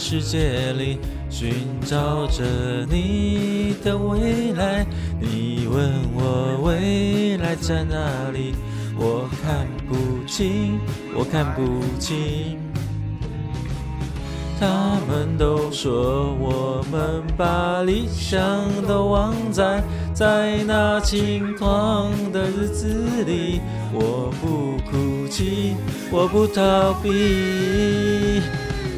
世界裡尋找着你的未來，你問我未來在哪裡，我看不清，我看不清。他們都說我們把理想都忘在在那輕狂的日子裡，我不哭泣，我不逃避。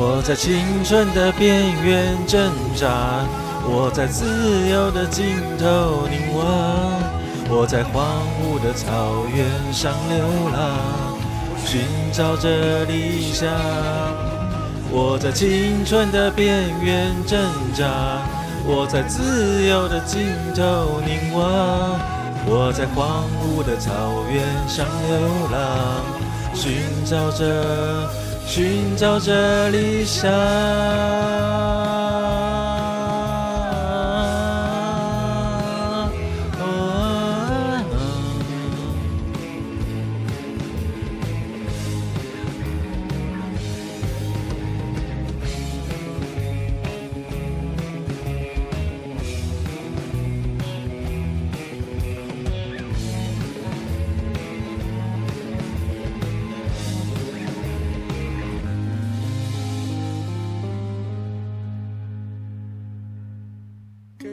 我在青春的邊緣掙扎，我在自由的盡頭凝望，我在荒蕪的草原上流浪，尋找着理想。我在青春的邊緣掙扎，我在自由的盡頭凝望，我在荒蕪的草原上流浪，尋找着。尋找着理想。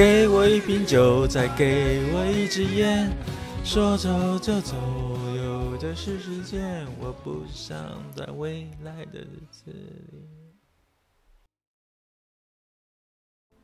給我一瓶酒，再給我一支煙，說走就走有的是時間，我不想在未來的日子裡。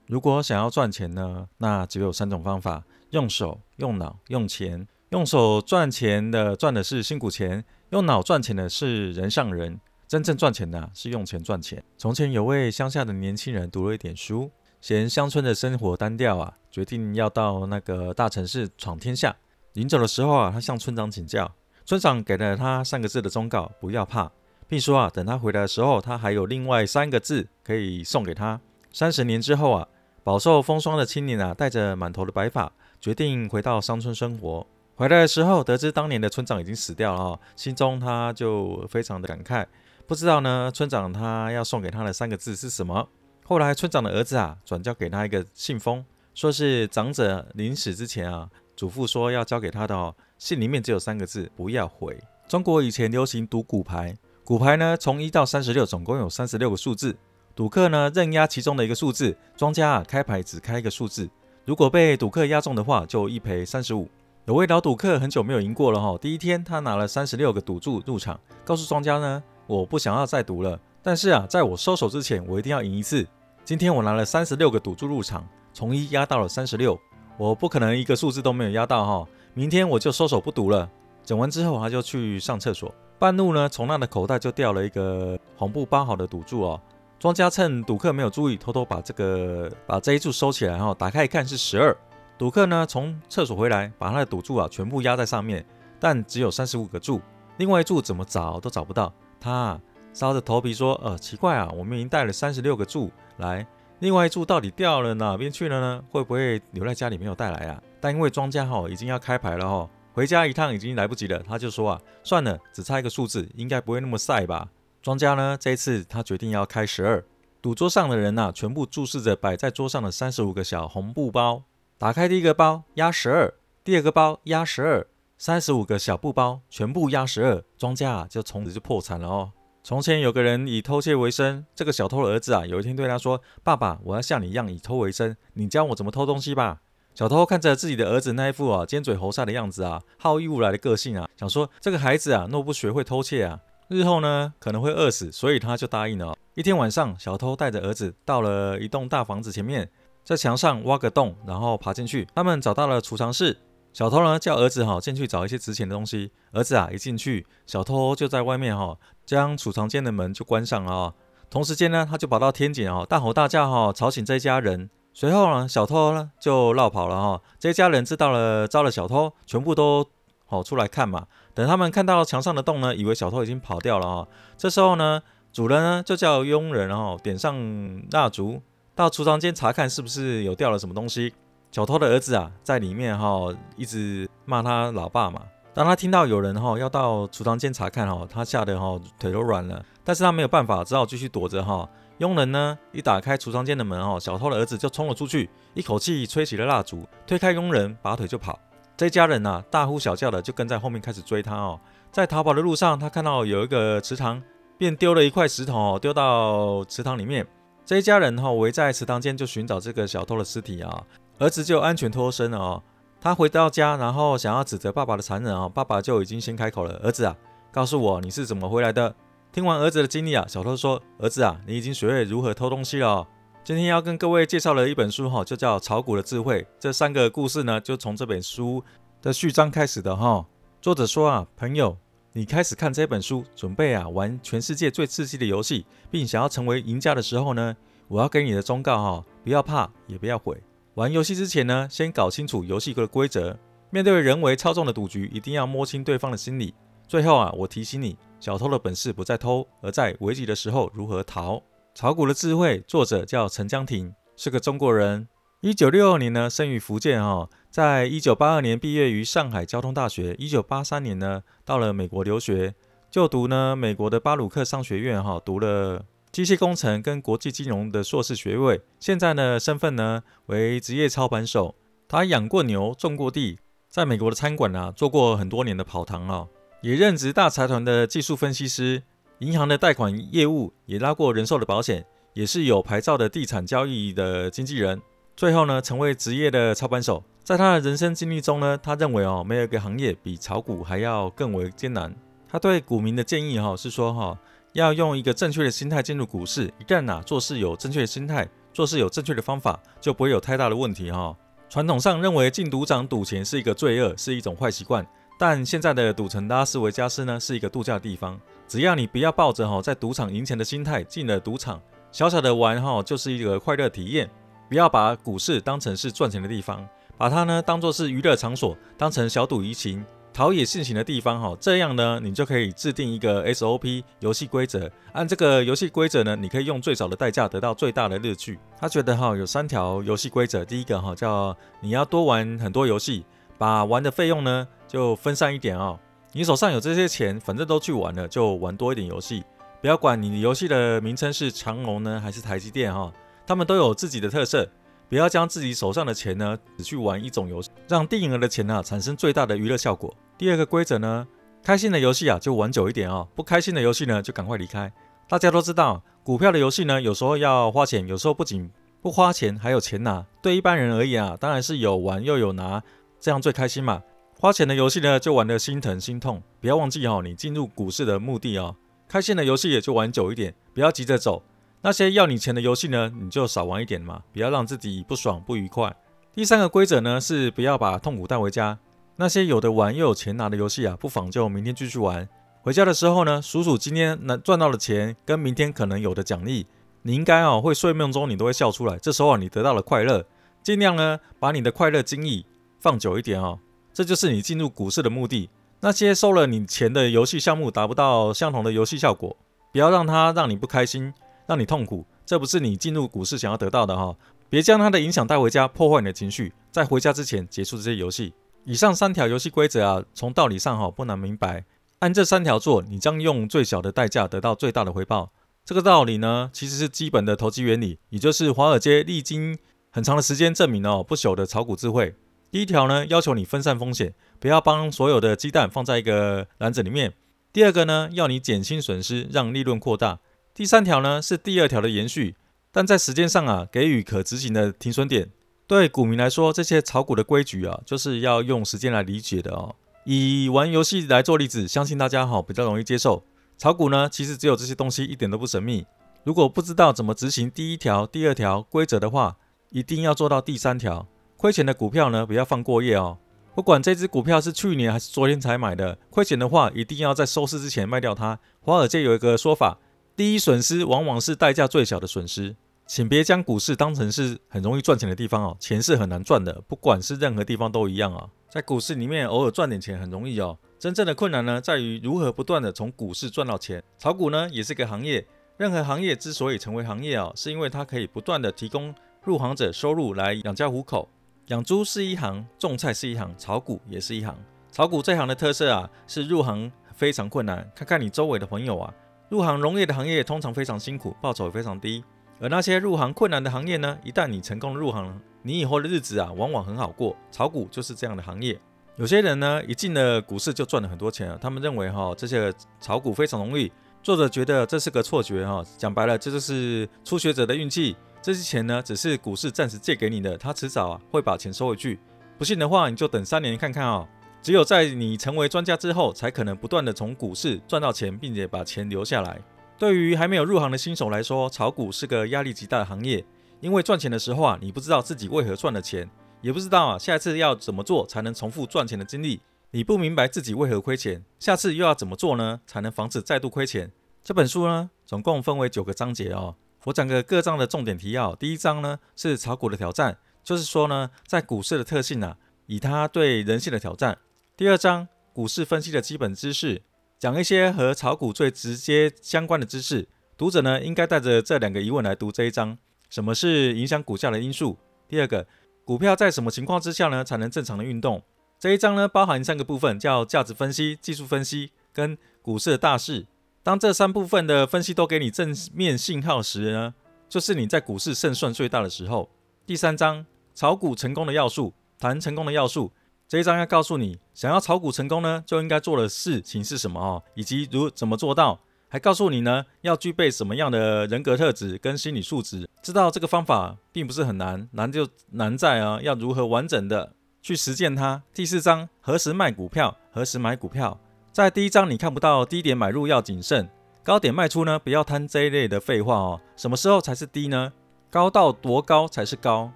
如果想要賺錢呢？那只有三種方法：用手、用腦、用錢。用手賺錢的賺的是辛苦錢，用腦賺錢的是人上人，真正賺錢的是用錢賺錢。從前有位鄉下的年輕人，讀了一點書。嫌鄉村的生活單調啊，決定要到那個大城市闖天下。臨走的時候啊，他向村長請教，村長給了他三個字的忠告：不要怕，並說啊，等他回來的時候，他還有另外三個字可以送給他。三十年之後啊，飽受風霜的青年啊，帶着滿頭的白髮，決定回到鄉村生活。回來的時候，得知當年的村長已經死掉了哦，心中他就非常的感慨，不知道呢，村長他要送給他的三個字是什麼？後來村長的兒子啊，轉交給他一個信封，說是長者臨死之前啊，囑咐說要交給他的哦。信裡面只有三個字：不要回。中國以前流行賭骨牌，骨牌呢，從一到三十六，總共有三十六個數字。賭客呢，任押其中的一個數字，莊家啊開牌只開一個數字，如果被賭客押中的話，就一賠三十五。有位老賭客很久沒有贏過了哈、哦，第一天他拿了三十六個賭注入場，告訴莊家呢，我不想要再賭了。但是啊，在我收手之前，我一定要贏一次。今天我拿了三十六個賭注入場，從一壓到了三十六，我不可能一個數字都沒有壓到哈、哦。明天我就收手不賭了。整完之後他就去上廁所，半路呢，從那的口袋就掉了一個紅布包好的賭注哦，莊家趁賭客沒有注意，偷偷把這個把這一注收起來哈、哦。打開一看是十二。賭客呢從廁所回來，把他的賭注啊全部壓在上面，但只有三十五個注，另外一注怎麼找都找不到。他。搔着頭皮說：“呃，奇怪啊，我們已經帶了三十六個柱來，另外一柱到底掉了哪邊去了呢？會不會留在家裡沒有帶來啊？但因為莊家哈、哦、已經要開牌了哈、哦，回家一趟已經來不及了。他就說啊，算了，只差一個數字，應該不會那麼晒吧？莊家呢，這一次他決定要開十二。賭桌上的人吶、啊，全部注視着擺在桌上的三十五個小紅布包。打開第一個包，壓十二；第二個包，壓十二；三十五個小布包全部壓十二，莊家啊就從此就破產了哦。”從前有個人以偷竊為生，這個小偷的兒子啊，有一天對他說：“爸爸，我要像你一樣以偷為生，你教我怎麼偷東西吧。”小偷看着自己的兒子那一副啊尖嘴猴腮的樣子啊，好逸惡勞的個性啊，想說這個孩子啊，若不學會偷竊啊，日後呢可能會餓死，所以他就答應了喔。一天晚上，小偷帶着兒子到了一棟大房子前面，在牆上挖個洞，然後爬進去，他們找到了儲藏室。小偷呢叫兒子哈、哦、進去找一些值錢的東西。兒子啊一進去，小偷就在外面哈，將儲藏間的門就關上了啊、哦。同時間呢，他就跑到天井啊、哦、大吼大叫哈、哦、吵醒這一家人。隨後呢，小偷呢就落跑了哈、哦。這一家人知道了遭了小偷，全部都哦出來看嘛。等他們看到牆上的洞呢，以為小偷已經跑掉了哈、哦。這時候呢，主人呢就叫傭人哦點上蠟燭到儲藏間查看是不是有掉了什麼東西。小偷的兒子啊，在裡面哈、哦、一直罵他老爸嘛。當他聽到有人哈、哦、要到廚房間查看哦，他嚇得哈、哦、腿都軟了。但是他沒有辦法，只好繼續躲着哈、哦。傭人呢，一打開廚房間的門哦，小偷的兒子就衝了出去，一口氣吹熄了蠟燭，推開傭人，拔腿就跑。這一家人啊，大呼小叫的就跟在後面開始追他哦。在逃跑的路上，他看到有一個池塘，便丟了一塊石頭、哦、丟到池塘裡面。這一家人哈、哦、圍在池塘間就尋找這個小偷的屍體啊、哦。兒子就安全脫身了哦。他回到家，然後想要指責爸爸的殘忍哦。爸爸就已經先開口了：“兒子啊，告訴我你是怎麼回來的。”聽完兒子的經歷啊，小偷說：“兒子啊，你已經學會如何偷東西了、哦。今天要跟各位介紹的一本書哈、哦，就叫《炒股的智慧》。這三個故事呢，就從這本書的序章開始的哈、哦。作者說啊，朋友，你開始看這本書，準備啊玩全世界最刺激的遊戲，並想要成為贏家的時候呢，我要給你的忠告哈、哦，不要怕，也不要悔。”玩遊戲之前呢，先搞清楚遊戲的規則。面對人為操縱的賭局，一定要摸清對方的心理。最後啊，我提醒你，小偷的本事不在偷，而在危急的時候如何逃。炒股的智慧，作者叫陳江挺，是個中國人。一九六二年呢，生於福建哈，在一九八二年畢業於上海交通大學。一九八三年呢，到了美國留學，就讀呢美國的巴魯克商學院哈，讀了。機械工程跟國際金融的碩士學位，現在呢，身份呢為職業操盤手。他養過牛，種過地，在美國的餐館啊做過很多年的跑堂啊、哦，也任職大財團的技術分析師，銀行的貸款業務也拉過人壽的保險，也是有牌照的地產交易的經紀人。最後呢，成為職業的操盤手。在他的人生經歷中呢，他認為哦，沒有一個行業比炒股還要更為艱難。他對股民的建議哈、哦、是說哈、哦。要用一個正確的心態進入股市，一旦哪、啊、做事有正確的心態，做事有正確的方法，就不會有太大的問題哈、哦。傳統上認為進賭場賭錢是一個罪惡，是一種壞習慣，但現在的賭城拉斯維加斯呢是一個度假的地方，只要你不要抱着哈在賭場贏錢的心態進了賭場，小小的玩哈就是一個快樂體驗。不要把股市當成是賺錢的地方，把它呢當做是娛樂場所，當成小賭怡情，陶冶性情的地方哈，這樣呢，你就可以制定一個 SOP 遊戲規則。按這個遊戲規則呢，你可以用最少的代價得到最大的樂趣。他覺得哈，有三條遊戲規則。第一個哈，叫你要多玩很多遊戲，把玩的費用呢就分散一點哦。你手上有這些錢，反正都去玩了，就玩多一點遊戲。不要管你遊戲的名稱是長隆呢還是台積電哈，他們都有自己的特色。不要將自己手上的錢呢，只去玩一種遊戲，讓定額的錢呢、啊，產生最大的娛樂效果。第二個規則呢，開心的遊戲啊就玩久一點哦，不開心的遊戲呢就趕快離開。大家都知道，股票的遊戲呢，有時候要花錢，有時候不僅不花錢還有錢拿。對一般人而言啊，當然是有玩又有拿，這樣最開心嘛。花錢的遊戲呢，就玩得心疼心痛。不要忘記哦，你進入股市的目的哦，開心的遊戲也就玩久一點，不要急着走。那些要你錢的遊戲呢，你就少玩一點嘛，不要讓自己不爽不愉快。第三個規則呢，是不要把痛苦帶回家。那些有得玩又有錢拿的遊戲啊，不妨就明天繼續玩。回家的時候呢，數數今天能賺到的錢跟明天可能有的獎勵，你應該哦、喔、會睡夢中你都會笑出來。這時候、啊、你得到了快樂，盡量呢把你的快樂經歷放久一點哦、喔。這就是你進入股市的目的。那些收了你錢的遊戲項目達不到相同的遊戲效果，不要讓它讓你不開心。讓你痛苦，這不是你進入股市想要得到的哈、哦！別將它的影響帶回家，破壞你的情緒。在回家之前結束這些遊戲。以上三條遊戲規則啊，從道理上哈不難明白。按這三條做，你將用最小的代價得到最大的回報。這個道理呢，其實是基本的投資原理，也就是華爾街歷經很長的時間證明了不朽的炒股智慧。第一條呢，要求你分散風險，不要把所有的雞蛋放在一個籃子裡面。第二個呢，要你減輕損失，讓利潤擴大。第三條呢是第二條的延續，但在時間上啊給予可執行的停損點。對股民來說，這些炒股的規矩啊，就是要用時間來理解的哦。以玩遊戲來做例子，相信大家哈、哦、比較容易接受。炒股呢，其實只有這些東西，一點都不神秘。如果不知道怎麼執行第一條、第二條規則的話，一定要做到第三條。虧錢的股票呢，不要放過夜哦。不管這隻股票是去年還是昨天才買的，虧錢的話，一定要在收市之前賣掉它。華爾街有一個說法，第一損失往往是代價最小的損失，請別將股市當成是很容易賺錢的地方哦。錢是很難賺的，不管是任何地方都一樣啊哦。在股市裡面偶爾賺點錢很容易哦，真正的困難呢在於如何不斷地從股市賺到錢。炒股呢也是個行業，任何行業之所以成為行業哦，是因為它可以不斷地提供入行者收入來養家糊口。養豬是一行，種菜是一行，炒股也是一行。炒股這行的特色啊是入行非常困難，看看你周圍的朋友啊。入行容易的行業通常非常辛苦，報酬也非常低。而那些入行困難的行業呢？一旦你成功入行，你以後的日子啊，往往很好過。炒股就是這樣的行業。有些人呢，一進了股市就賺了很多錢了，他們認為哈、哦，這些炒股非常容易。作者覺得這是個錯覺哈、哦，講白了，這就是初學者的運氣。這些錢呢，只是股市暫時借給你的，他遲早啊會把錢收回去。不信的話，你就等三年看看哦。只有在你成為專家之後，才可能不斷地從股市賺到錢，並且把錢留下來。對於還沒有入行的新手來說，炒股是個壓力極大的行業。因為賺錢的時候啊，你不知道自己為何賺了錢，也不知道啊，下次要怎麼做才能重複賺錢的經歷。你不明白自己為何虧錢，下次又要怎麼做呢？才能防止再度虧錢。這本書呢，總共分為九個章節哦。我講個各章的重點提要。第一章呢，是炒股的挑戰，就是說呢，在股市的特性啊，以它對人性的挑戰。第二章，股市分析的基本知識，講一些和炒股最直接相關的知識。讀者呢，應該帶着這兩個疑問來讀這一章：什麼是影響股價的因素？第二個，股票在什麼情況之下呢，才能正常的運動？這一章呢，包含三個部分，叫價值分析、技術分析跟股市的大勢。當這三部分的分析都給你正面信號時呢，就是你在股市勝算最大的時候。第三章，炒股成功的要素，談成功的要素。這一章要告訴你，想要炒股成功呢，就應該做的事情是什麼哦，以及如怎麼做到。還告訴你呢，要具備什麼樣的人格特質跟心理素質。知道這個方法並不是很難，難就難在啊，要如何完整的去實踐它。第四章，何時賣股票，何時買股票？在第一章你看不到低點買入要謹慎，高點賣出呢，不要貪這一類的廢話哦。什麼時候才是低呢？高到多高才是高？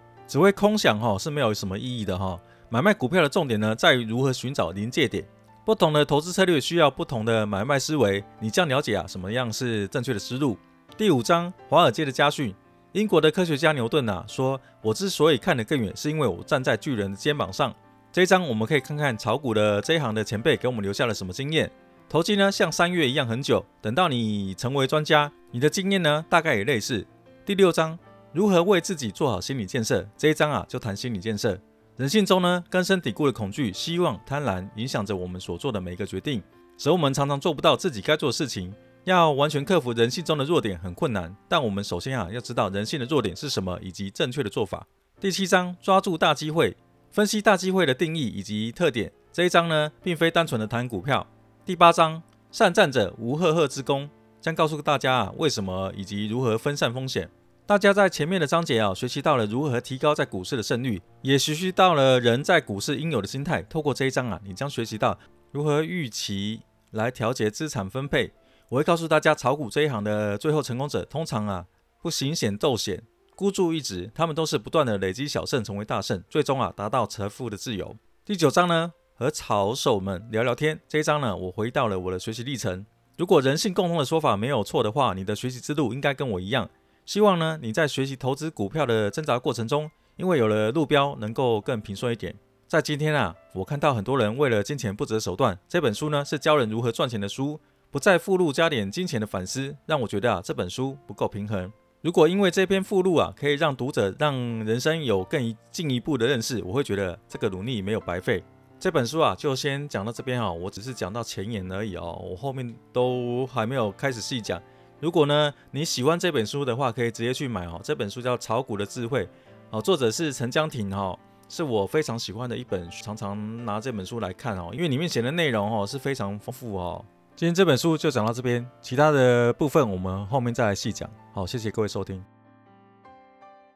只會空想哈、哦，是沒有什麼意義的哈、哦。買賣股票的重點呢，在於如何尋找臨界點。不同的投資策略需要不同的買賣思維。你將了解啊，什麼樣是正確的思路。第五章，華爾街的家訓。英國的科學家牛頓啊，說：“我之所以看得更遠，是因為我站在巨人的肩膀上。”這一章我們可以看看炒股的這一行的前輩給我們留下了什麼經驗。投機呢，像三月一樣很久。等到你成為專家，你的經驗呢，大概也類似。第六章，如何為自己做好心理建設。這一章啊，就談心理建設。人性中呢，根深蒂固的恐懼、希望、貪婪，影響着我們所做的每一個決定，使我們常常做不到自己該做的事情。要完全克服人性中的弱點很困難，但我們首先啊，要知道人性的弱點是什麼？以及正確的做法。第七章，抓住大機會，分析大機會的定義以及特點。這一章呢，並非單純的談股票。第八章，善戰者無赫赫之功，將告訴大家啊，為什麼以及如何分散風險。大家在前面的章節啊，學習到了如何提高在股市的勝率，也學習到了人在股市應有的心態。透過這一章啊，你將學習到如何預期來調節資產分配。我會告訴大家，炒股這一行的最後成功者，通常啊不行險鬥險，孤注一擲，他們都是不斷的累積小勝，成為大勝，最終啊達到財富的自由。第九章呢，和炒手們聊聊天。這一章呢，我回到了我的學習歷程。如果人性共通的說法沒有錯的話，你的學習之路應該跟我一樣。希望呢，你在學習投資股票的掙扎過程中，因為有了路標，能夠更平順一點。在今天啊，我看到很多人為了金錢不擇手段。這本書呢，是教人如何賺錢的書，不在附錄加點金錢的反思，讓我覺得啊這本書不夠平衡。如果因為這篇附錄啊可以讓讀者讓人生有更進一步的認識，我會覺得這個努力沒有白費。這本書啊就先講到這邊哈、哦，我只是講到前言而已哦，我後面都還沒有開始細講。如果呢，你喜歡這本書的話，可以直接去買哦。這本書叫《炒股的智慧》，哦，作者是陳江挺，哈，是我非常喜歡的一本，常常拿這本書來看哦，因為裡面寫的內容哦是非常豐富哦。今天這本書就講到這邊，其他的部分我們後面再來細講。好，謝謝各位收聽。